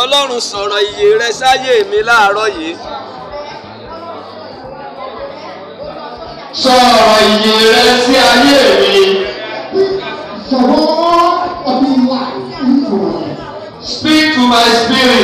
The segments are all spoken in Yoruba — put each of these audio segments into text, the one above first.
ọlọ́run sọ̀rọ̀ ìyè rẹ sáyé mi láàárọ̀ yìí. sọ̀rọ̀ ìyè rẹ sí ayé mi. Speak to my spirit.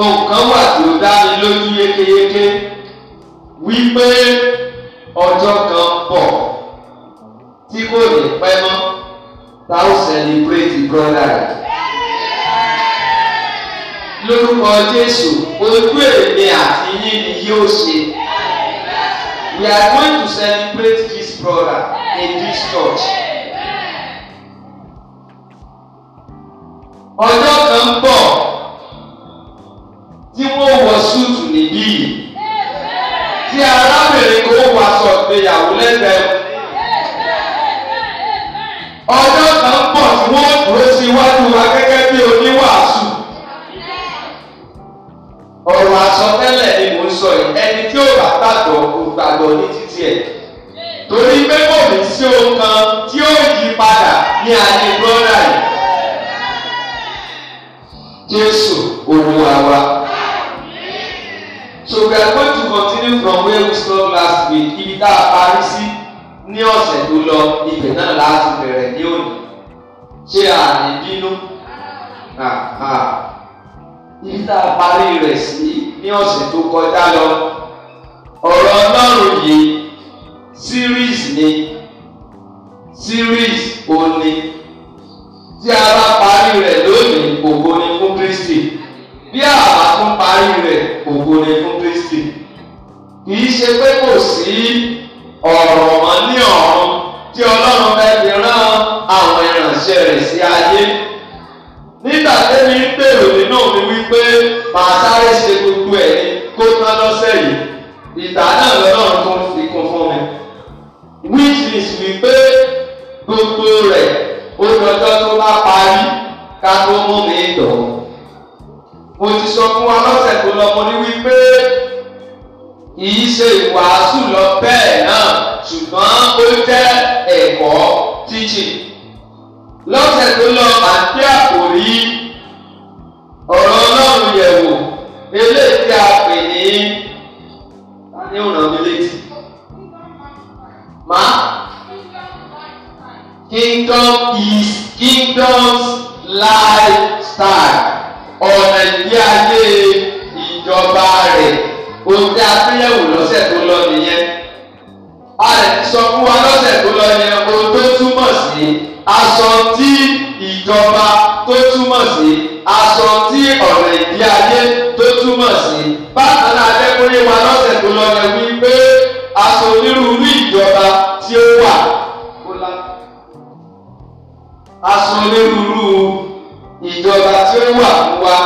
nǹkan wà tí ó dáni lójú yékéyéké wípé ọjọ́ kan bọ̀ tí kò ní pẹ́ mọ́ tá ó celebrate brother lórúkọ Jésù ojú èmi àti yín ni yóò ṣe we are going to celebrate this brother in this church. ọjọ́ kan bọ̀. tí arábìnrin kò wá sọ ìgbéyàwó lẹ́gbẹ̀ẹ́. ọjọ́ kan pọ̀ tí wọ́n dúró síwájú wa gẹ́gẹ́ bí oníwàásù. ọ̀rọ̀ àsọtẹ́lẹ̀ ni mò ń sọ yìí ẹni tí ó bá gbàgbọ́ kò gbàgbọ́ ní títí ẹ̀. torí pé kò ní sí ohun kan tí ó yí padà ní ayé gbọ́dọ̀ yìí. Jésù Olúwa wa. So we are going to continue from where we stopped last week. Ibi tá a parí sí ní ọ̀sẹ̀ tó lọ ibẹ̀ náà láti bẹ̀rẹ̀ ní òní. Ṣé àní bínú? Ibi tá a parí rẹ̀ sí ní ọ̀sẹ̀ tó kọjá lọ. Ọ̀rọ̀ Ọlọ́run yìí series ni series òní tí a bá parí rẹ̀ lónìí ògo ni fún Kristi bí àbá tún rẹ̀ ògo ni fún kì í ṣe pé kò sí ọ̀rọ̀ mọ́ ní ọ̀run tí ọlọ́run fẹ́ fi rán àwọn ìránṣẹ́ rẹ̀ sí ayé. nígbà tẹ́mi ń bèrò nínú mi wípé màá sáré ṣe gbogbo ẹ̀ ní kó tán lọ́sẹ̀ yìí ìta náà lọ́rùn tó ń fi kún fún mi. which means wípé gbogbo rẹ̀ ó dọjọ́ tó bá parí ká tó mú mi dọ̀. mo ti sọ fún wa lọ́sẹ̀ tó lọ ní wípé kìí ṣe ìwàásù lọ bẹ́ẹ̀ náà ṣùgbọ́n ó jẹ́ ẹ̀kọ́ tíjì. lọ́sẹ̀ tó lọ àti àkòrí ọ̀rọ̀ ọlọ́run yẹ̀wò eléyìí tí a pè ní ní ọ̀nà mi létí. Má kingdom is kingdom's lifestyle ọ̀nà ìdí ayé ìjọba ohun tí a fi yẹ̀wò lọ́sẹ̀ tó lọ nìyẹn a lè sọ fún wa lọ́sẹ̀ tó lọ yẹn ohun tó túmọ̀ sí aṣọ tí ìjọba tó túmọ̀ sí aṣọ tí ọ̀rọ̀ ìdí ayé tó túmọ̀ sí bákan náà adékúnlé wa lọ́sẹ̀ tó lọ yẹn wípé aṣọ onírúurú ìjọba tí ó wà aṣọ onírúurú ìjọba tí ó wà fún wa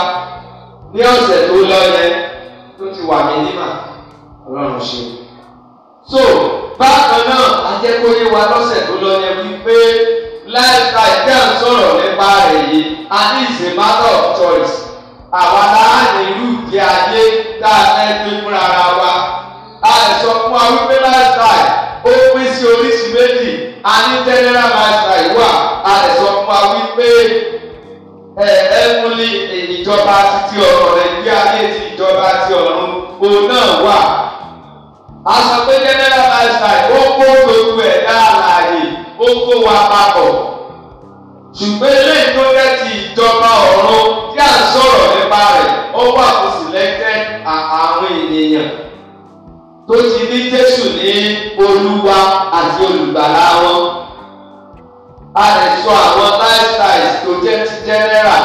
ní ọ̀sẹ̀ tó lọ yẹn wà mí nímà ọlọ́run ṣe. so bákan náà ajẹ́kóyé wa lọ́sẹ̀ tó lọ yẹ wípé lifestyle tí a ń sọ̀rọ̀ nípa rẹ̀ yìí and it's a matter of choice. àwa náà lè lù jẹ́ ayé tá a fẹ́ gbé fúnra ara wa. a lè sọ fún wa wípé lifestyle ó pín sí oríṣi méjì a ní general lifestyle wà a lè sọ fún wa wípé ẹ̀ ẹ́ múlí ìjọba a pé general lifestyle ó kó gbogbo ẹ̀dá àlàyé ó kó wa papọ̀ ṣùgbọ́n eléyìí tó jẹ́ ti ìjọba ọ̀run tí à ń sọ̀rọ̀ nípa rẹ̀ ó wà fún sílẹ̀kẹ́ àwọn ènìyàn tó ti ní Jésù ní olúwa àti olùgbàlà wọn a lè sọ àwọn lifestyle tó jẹ́ ti general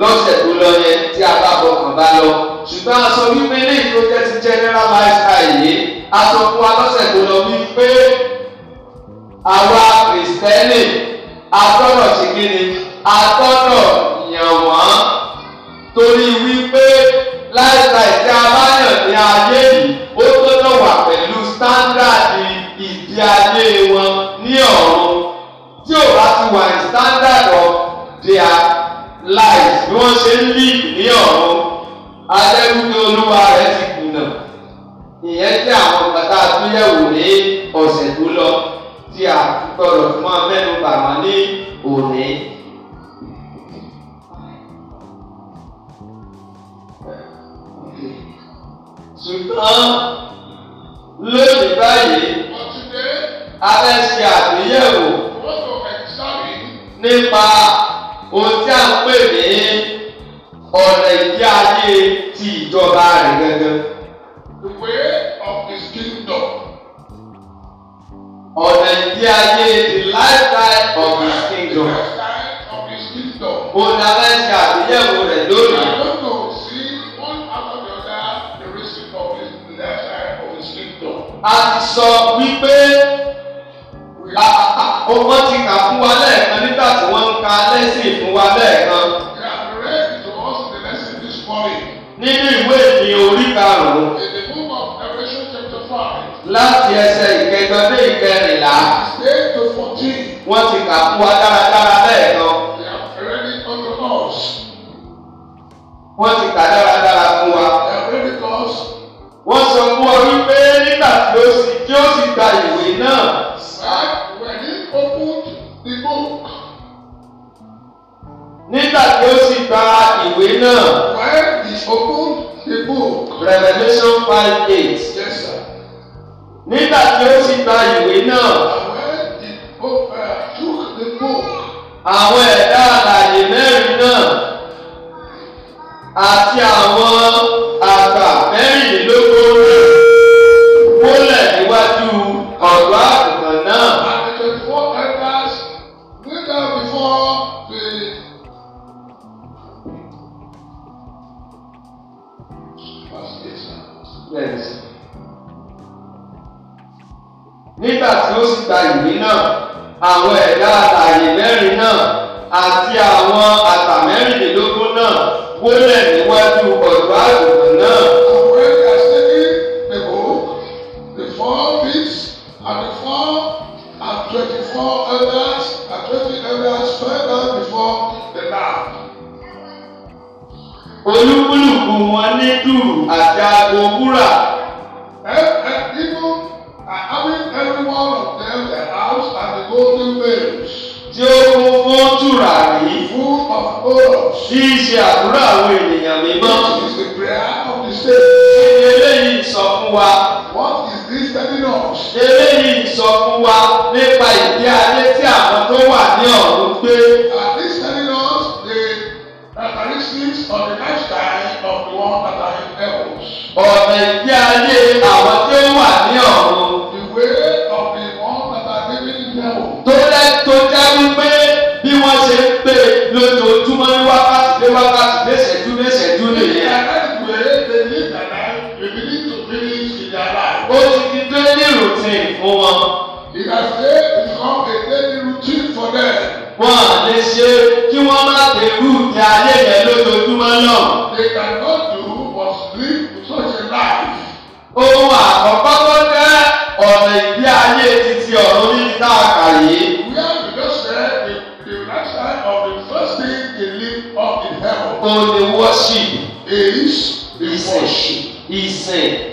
lọ́sẹ̀ tó lọ yẹn tí a bá bọ̀ kàn bá lọ ṣùgbọ́n a sọ wípé ní ìlójẹ́ ti general lifestyle yìí a sọ fún wa lọ́sẹ̀ tó lọ wípé àwa kìrìsìtẹ́nì atọ́nà ti kí ni atọ́nà yàn wọ́n torí wípé lifestyle tí a bá yàn ní ayé yìí ó gbọ́dọ̀ wà pẹ̀lú sítándàdì ìdí ayé wọn ní ọ̀run tí ò bá ti wà ní sítándàdì of their lives bí wọ́n ṣe ń lì ní ọ̀run adẹ́rùgbé olúwa rẹ̀ ti kùnà ìyẹn jẹ́ àwọn bàtà àtúnyẹ̀wò ní ọ̀sẹ̀ tó lọ tí a gbọ́dọ̀ fún amẹ́nu bàmá ní òní. ṣùgbọ́n lónìí báyìí a fẹ́ ṣe àtúnyẹ̀wò nípa. pé wọ́n ti kà fún wa lẹ́ẹ̀kan nígbà tí wọ́n ń ka lẹ́sìn fún wa lẹ́ẹ̀kan. Nínú ìwé mi orí karùn-ún. Láti ẹsẹ̀ ìkẹjọ dé ìkẹrìnlá. Wọ́n ti kà fún wa dáradára lẹ́ẹ̀kan. Wọ́n ti kà dáradára. gba ìwé náà. When the book. Nígbà tí ó sì gba ìwé náà. When he open the book. Revelation five eight. Yes sir. Nígbà tí ó sì gba ìwé náà. he took the book. Àwọn ẹ̀dá àlàyé mẹ́rin náà àti ṣe kí wọ́n má tẹ̀rù tẹ ayé rẹ̀ lójoojúmọ́ náà. They cannot do but live such a life. Ohun àkọ́kọ́ tó jẹ́ ọ̀nà ìdí ayé ti ti ọ̀run ní ìta àkàyé. We have to just say the the of the first thing they live up in heaven. O dey worship. Is the worship. Ìsìn. Ìsìn.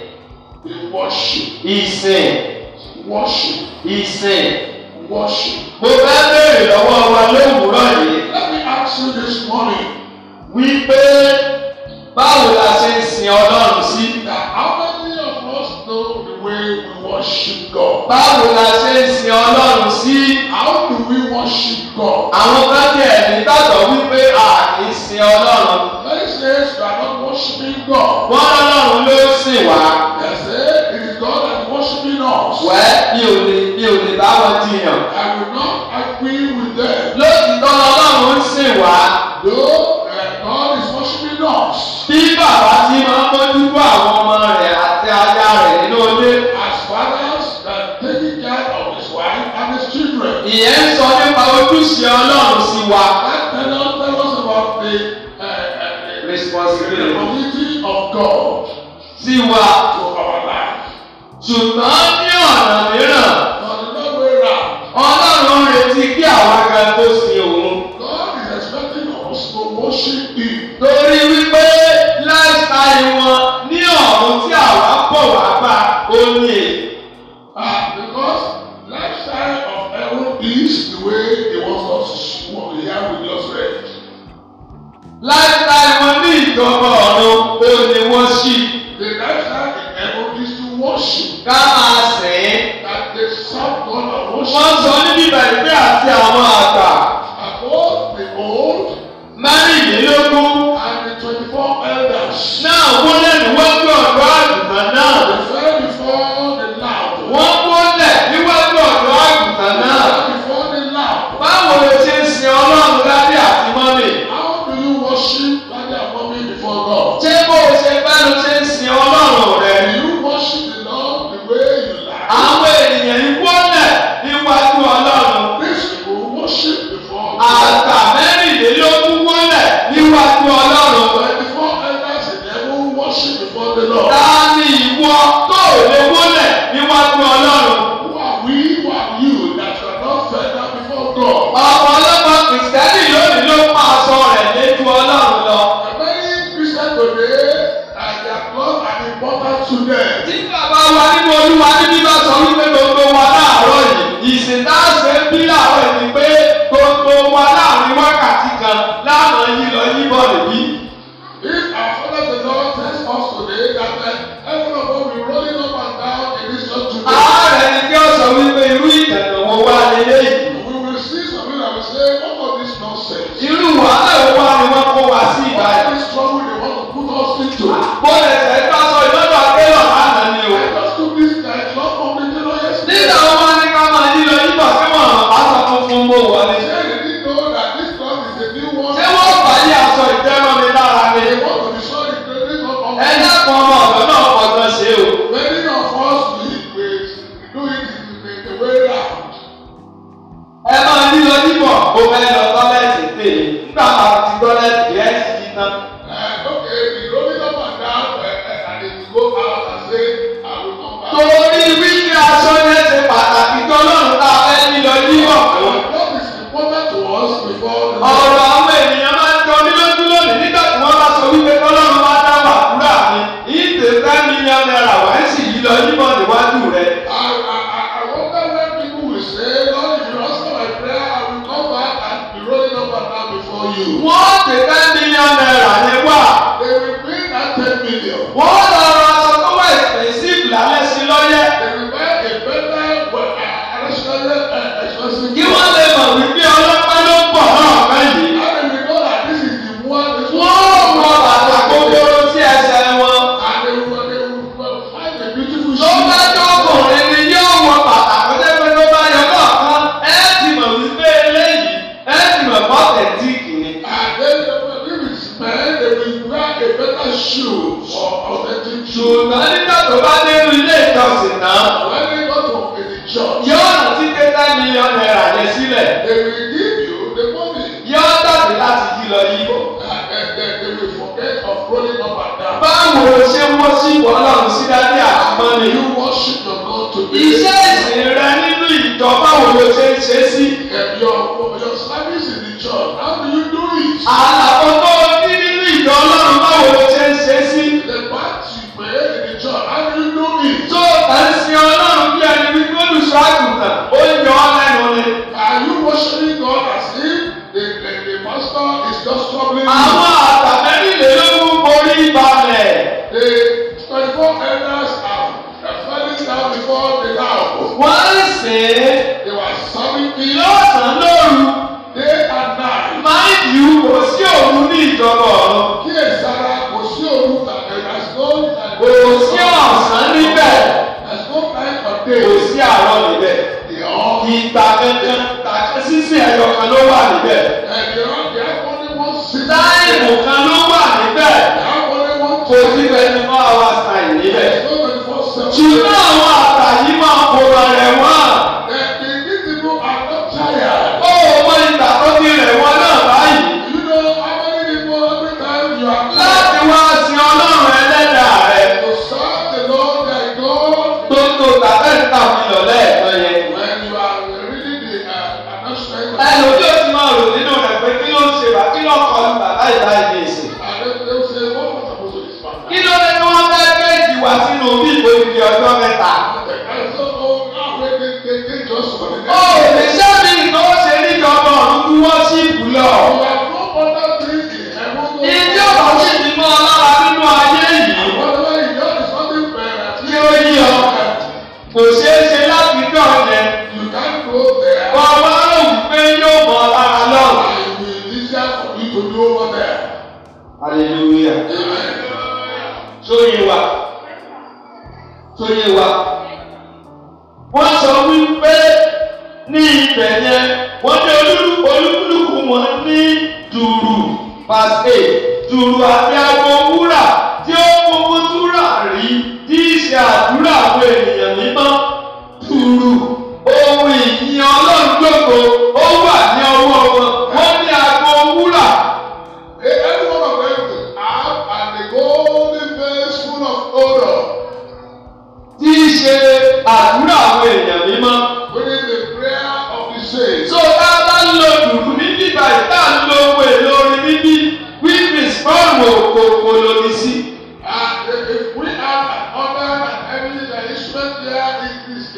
ojúṣe ọlọ́run sí wa. pẹ̀lú pẹ̀lú sọ̀rọ̀ pé responsibility community of God sí wa to our life. ṣùgbọ́n ní ọ̀nà mìíràn ọlọ́run ń retí kí àwọn akẹ́kọ̀ọ́ sí òun. God is expecting us to worship him. lórí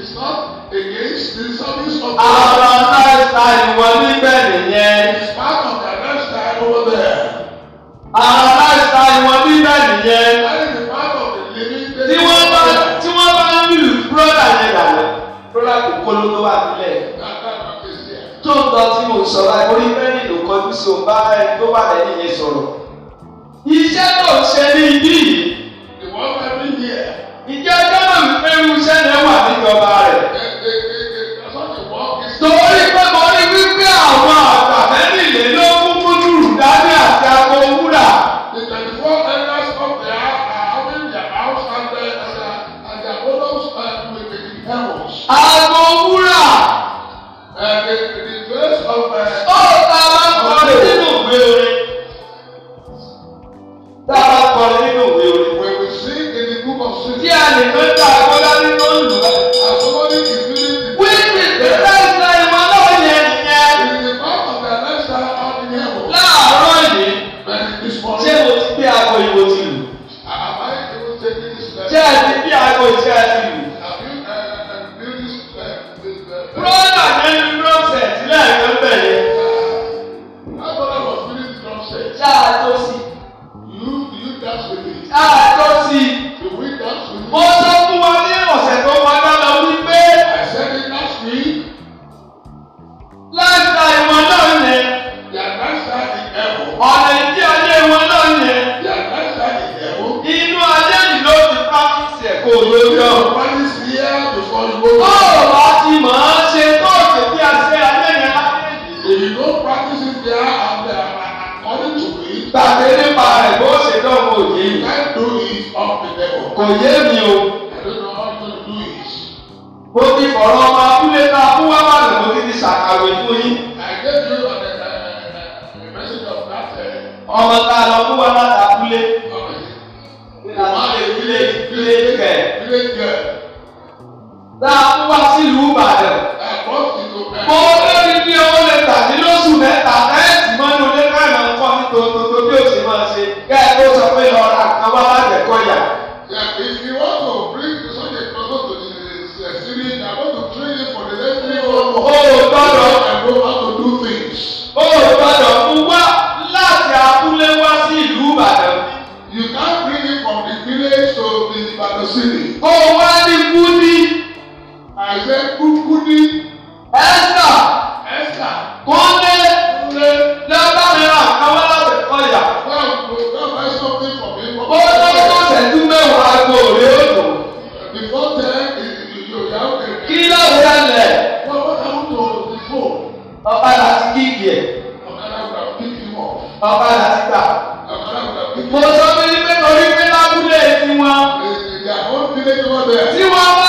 is not against the service of. Ara lifestyle wọn níbẹ̀ nìyẹn. It's part of their lifestyle over there. Ara lifestyle wọn níbẹ̀ nìyẹn. That part of the living day. Tí wọ́n bá tí wọ́n bá ń lù brọ́dà yẹn dànù, brọ́dà kò kó ló wà nílẹ̀. Tó ń lọ tí mo sọ̀rọ̀ orí mẹ́rin ló kọjú sí òun bá ẹni tó wà lẹ́yìn yẹn sọ̀rọ̀. Iṣẹ́ tó ń ṣe ní ibí. bàbá láti gbà. mo sọ fún yín pé torí pé lábúlé tiwọn. tí wọ́n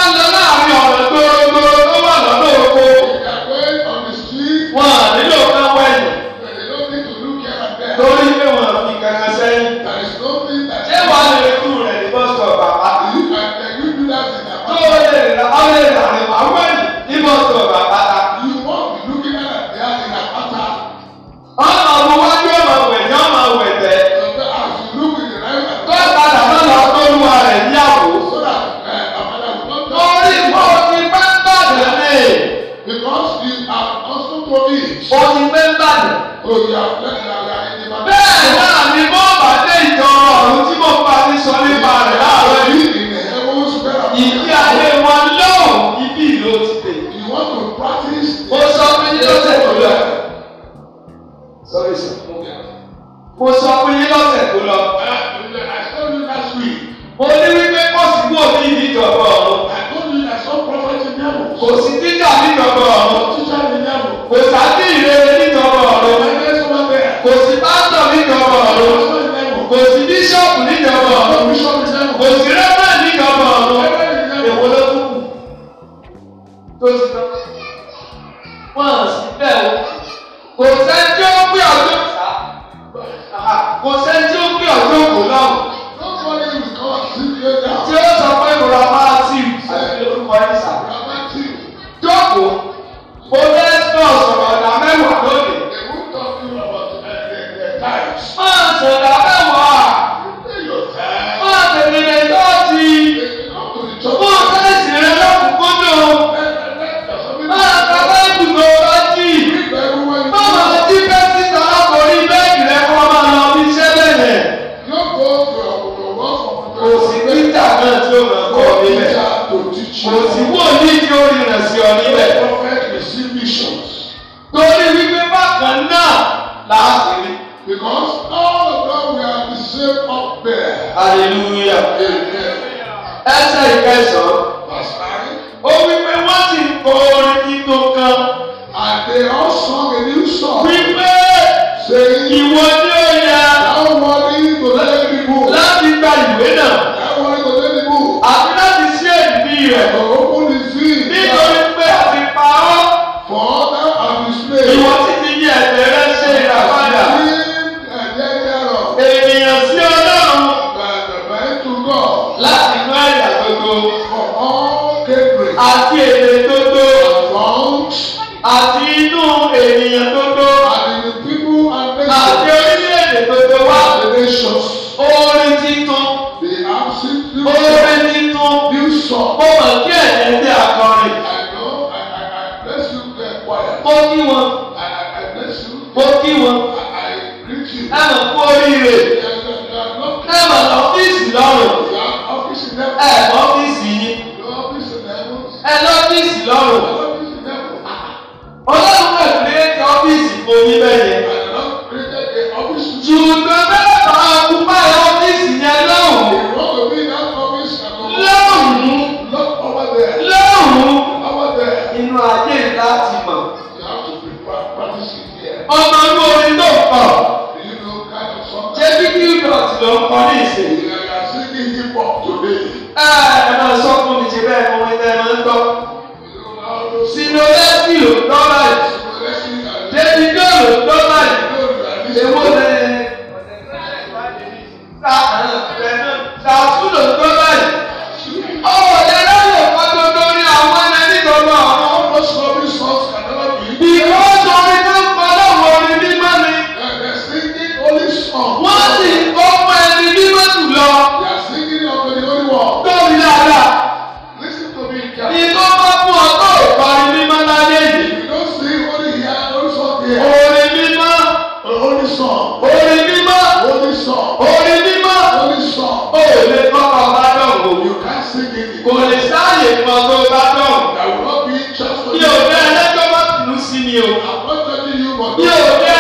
pour Dieu.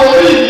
Amém.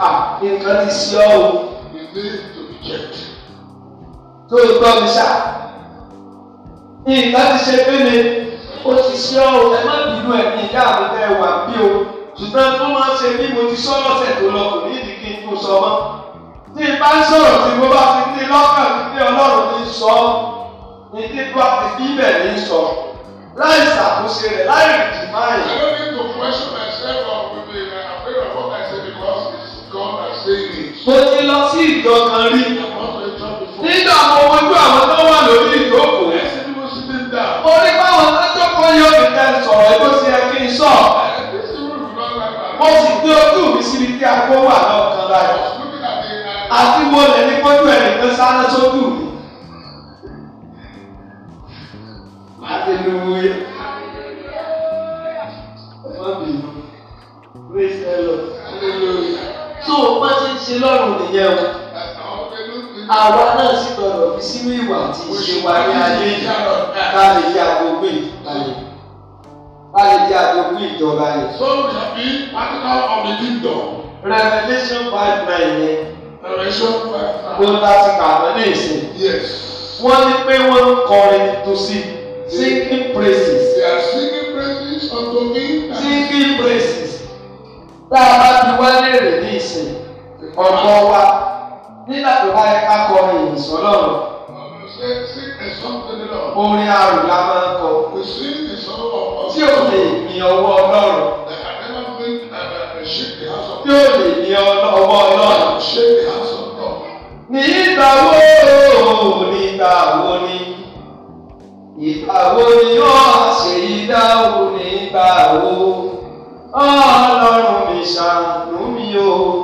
à ah, nǹkan ti ṣe ọ́ o. you need to tó o gbọ́ mi ṣá nǹkan ti ṣe pé mi ó ti ṣe ọ́ o ẹ má bínú ẹ̀ ní ìyá mi tẹ́ wà bí o ṣùgbọ́n tó máa ṣe bí mo ti sọ lọ́sẹ̀ tó lọ kò ní ìdí kí sọ mọ́ tí n ń sọ̀rọ̀ tí mo bá fi ní lọ́kàn ní ọlọ́run ní sọ ní dídú àti bíbẹ̀ ní sọ láì ṣàkóso rẹ̀ láì rìndì máa yẹ. I don't need to question myself. mo ti lọ sí ìjọ kan rí nígbà mo wojú àwọn tó wà lórí ìjókòó mo rí báwọn tọ́jọ́ kan yóò fi tẹ sọ̀rọ̀ ẹ̀ bó ti yẹ kí n sọ mo sì gbé ojú mi síbi tí aago wà lọ́kàn láyọ̀ àti mo lè ní kójú ẹ̀ nìkan sáré sójú mi. Hallelujah. ṣe lọ́rùn nìyẹn o. Àwa náà sì gbọdọ̀ fi sínú ìwà àti ìṣe wa ní ayé yìí ká lè di agogo ìtàlẹ̀. Ká lè di agogo ìjọba yìí. So we have been practical of the kingdom. Revelation five nine yẹn. Revelation five nine. Wọ́n bá ti kà mọ́ ní ìsìn. Yes. Wọ́n ní pé wọ́n ń kọrin tó sí. Singing praises. They are singing praises unto me. Singing praises. Tá a bá ti wá lérè ní ìsìn ọ̀pọ̀ wa nígbà tó bá yẹ ká kọ ìyìn sọ́lọ́run. orin àrùn la máa ń kọ. tí ò lè ní ọwọ́ ọlọ́run. tí ò lè ní ọwọ́ ọlọ́run. nígbà wo nígbà wo ni ìgbà wo ni ó ṣe ìdáhùn nígbà wo ọlọ́run mi ṣàánú mi o.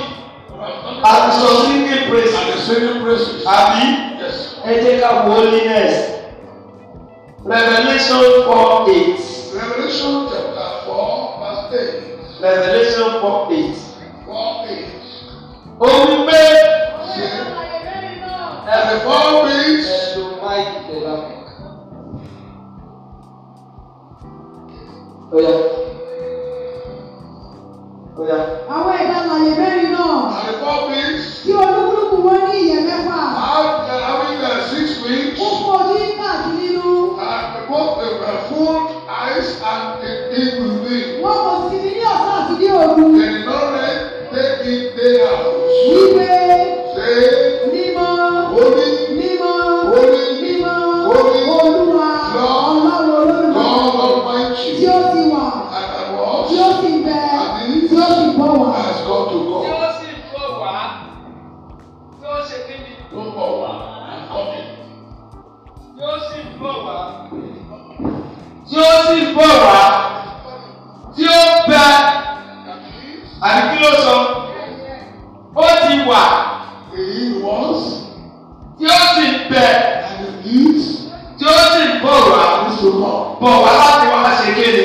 and your singing praise and your singing praise abi yes. ẹ jẹ́ holiness revolution four eight. revolution chapter four verse eight. revolution four eight. four eight. ó wí pé. ẹ̀rẹ̀ four weeks. ẹ̀rọ máìkì tẹ̀lá. Oya. Oya four weeks. Tí olúkúlùkù wọn uh, six weeks. Ó kó ní pàtí nínú. Both the uh, full the eagle wing. kí ló sọ? Ó ti wà. Èyí wọ́n. Tí ó sì bẹ̀. Tí ó sì bọ̀ wá. Bọ̀ wá láti wá ṣe kéde.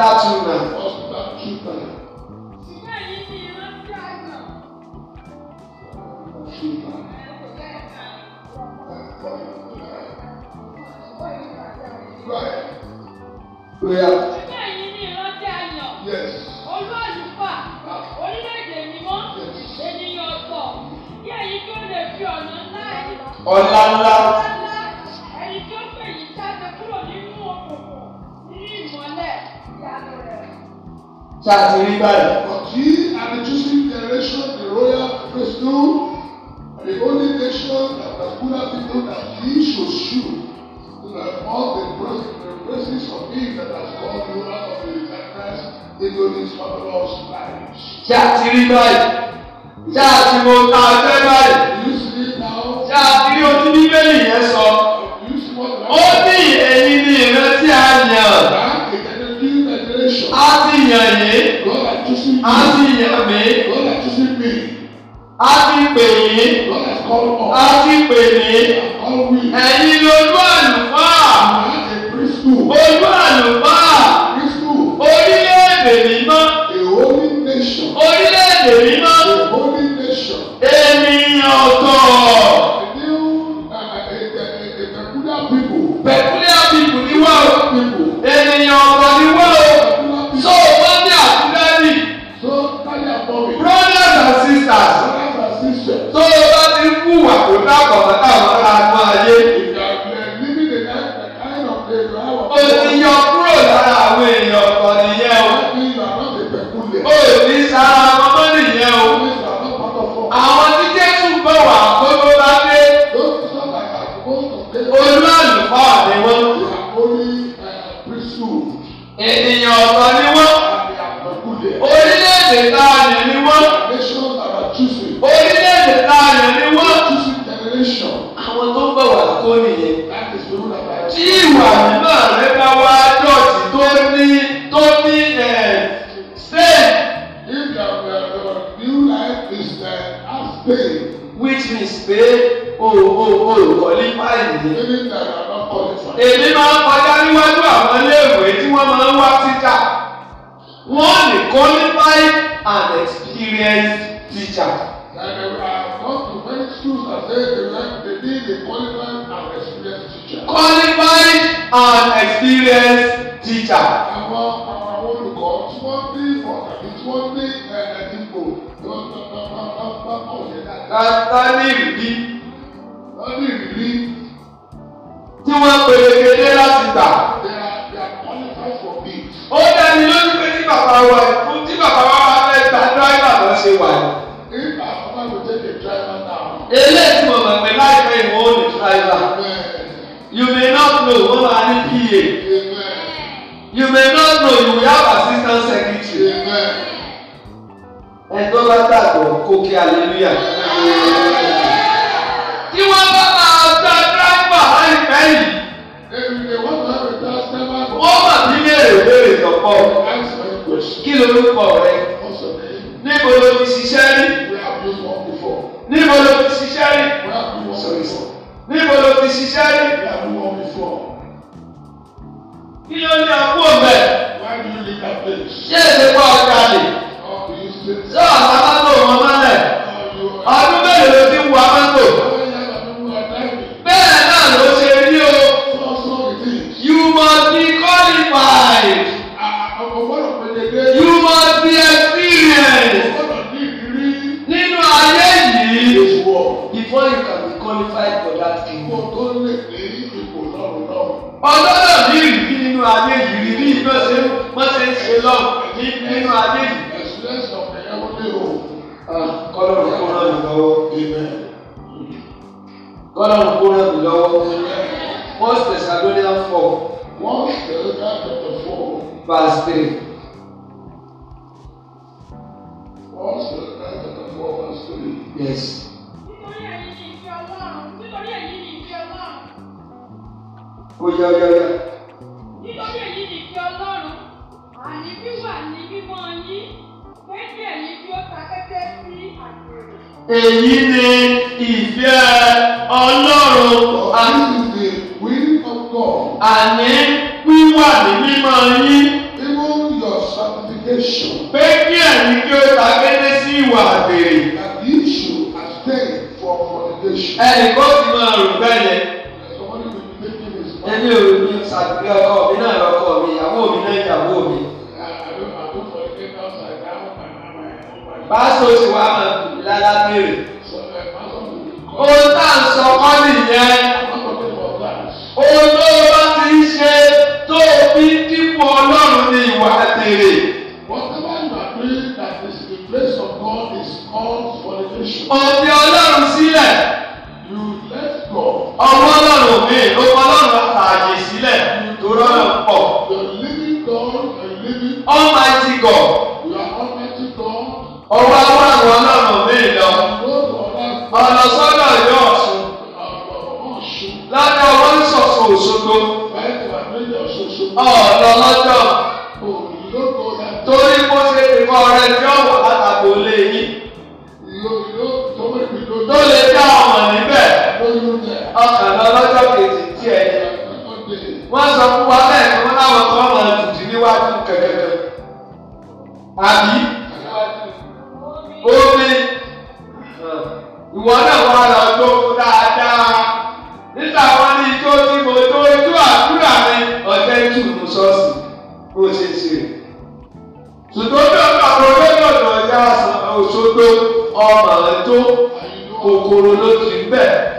that woman hospital keep Right. Ọ̀la ńlá. tá a rí báyìí. But he and the choosing generation the royal priesthood the only nation that particular people that he should show so that all the blessings the blessings of him that has called you out of the darkness into his marvelous light. Ṣé a ti rí báyìí? Ṣé a ti mọ̀ ká ẹgbẹ́ báyìí? Ṣé a ti. a ti yàn mí a ti pè mí a ti pè mí ẹ̀yin lójú àlùfáà ojú àlùfáà orílẹ̀-èdè mímọ́ orílẹ̀-èdè mímọ́ ènìyàn ọ̀tọ̀. Peculiar people ni wá o ènìyàn ọ̀tọ̀. 大搞的。experienced teacher. àwọn àwọn olùkọ́ tí wọ́n ní ìfọ̀ tàbí tí wọ́n ní ẹ̀ẹ́dìbò lọ́wọ́ pápápápá pọ̀ yẹn dáadáa. tani ìrírí. tani ìrírí. tí wọ́n pèlékèlé láti gbà. ó dání lójú pé tí bàbá wa fún tí bàbá wa fẹ́ gba dráìvà lọ ṣe wà. eléyìí mo mọ̀ pé láìpẹ́ ìwọ́n ò ní dráìvà. you may not know wọ́n máa ní pa. You may not know you will have assistant secretary. Ẹni tó bá dàgbọ̀ kó kí hallelujah. Tí wọ́n bá máa gba dírámà láìpẹ́ yìí. Wọ́n mà ní léèrè léèrè lọ́pọ̀. Kí ló ló pọ̀ rẹ? Níbo ló ti ṣiṣẹ́ rí? Níbo ló ti ṣiṣẹ́ rí? Níbo ló ti ṣiṣẹ́ rí? kí ló ní àpò ọ̀bẹ. why do you lick her face. ṣé èdè pa ọ̀gá lè. ọkùnrin ṣe. sọ àtàlà ló wọn mọ́lẹ̀. Oh, ọdún mélòó ti wù amẹ́tò. nínú ayé yìí. experience of the heavenly home. kọ́lọ̀ ń kó rẹ̀ lọ́wọ́. kọ́lọ̀ ń kó rẹ̀ lọ́wọ́. first Thessalonians four. one Thessalonians chapter four. verse three. one Thessalonians chapter four verse three. yes. Oya oya oya. wíwà ní mímọ́ yín fún kí ẹ̀yin bí ó ta kété sí àgbèrè. èyí ni ìfẹ́ ọlọ́run àti àní wíwà ní mímọ́ yín. even your sanctification. pé kí ẹ̀yin kí ó ta kété sí ìwà àgbèrè. you should abstain from fornication. ẹnì kan ti máa rò bẹ́ẹ̀ yẹn. ẹni ò ní sàgbéyàwó. pásítọ̀ sì wá mọ̀ lálábẹ̀rẹ̀. ohun tá à ń sọ kọ́ nìyẹn. sọ fún wa lẹ́ẹ̀kan wọn láwọn kan mọ̀ ẹ̀dùn níwájú kẹ̀kẹ́kẹ́ àbí omi ìwọ náà wà lọ tó dáadáa nígbà wọn ní ijó tí mo tó ojú àdúrà mi ọ̀tẹ́ jù mú ṣọ́ọ̀ṣì bó ṣe ṣe ṣùgbọ́n tó ń bàbá olóyún ọ̀dọ̀ ọjà Òṣogbo ọmọ ẹ̀ tó kòkòrò ló ti bẹ̀.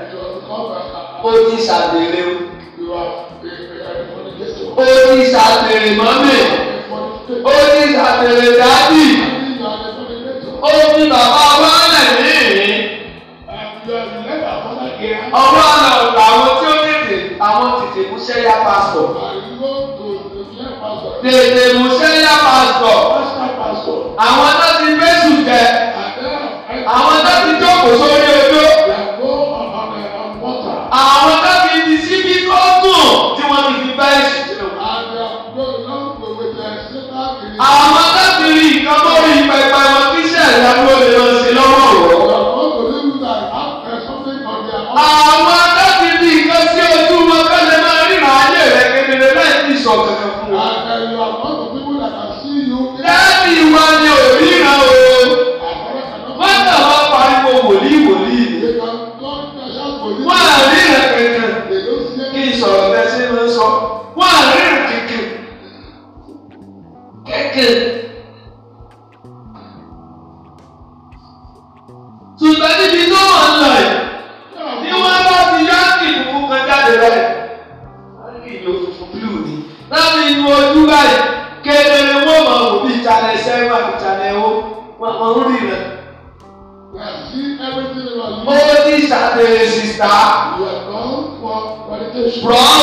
brought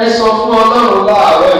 ẹ sọ fún ọlọ́run láàárọ̀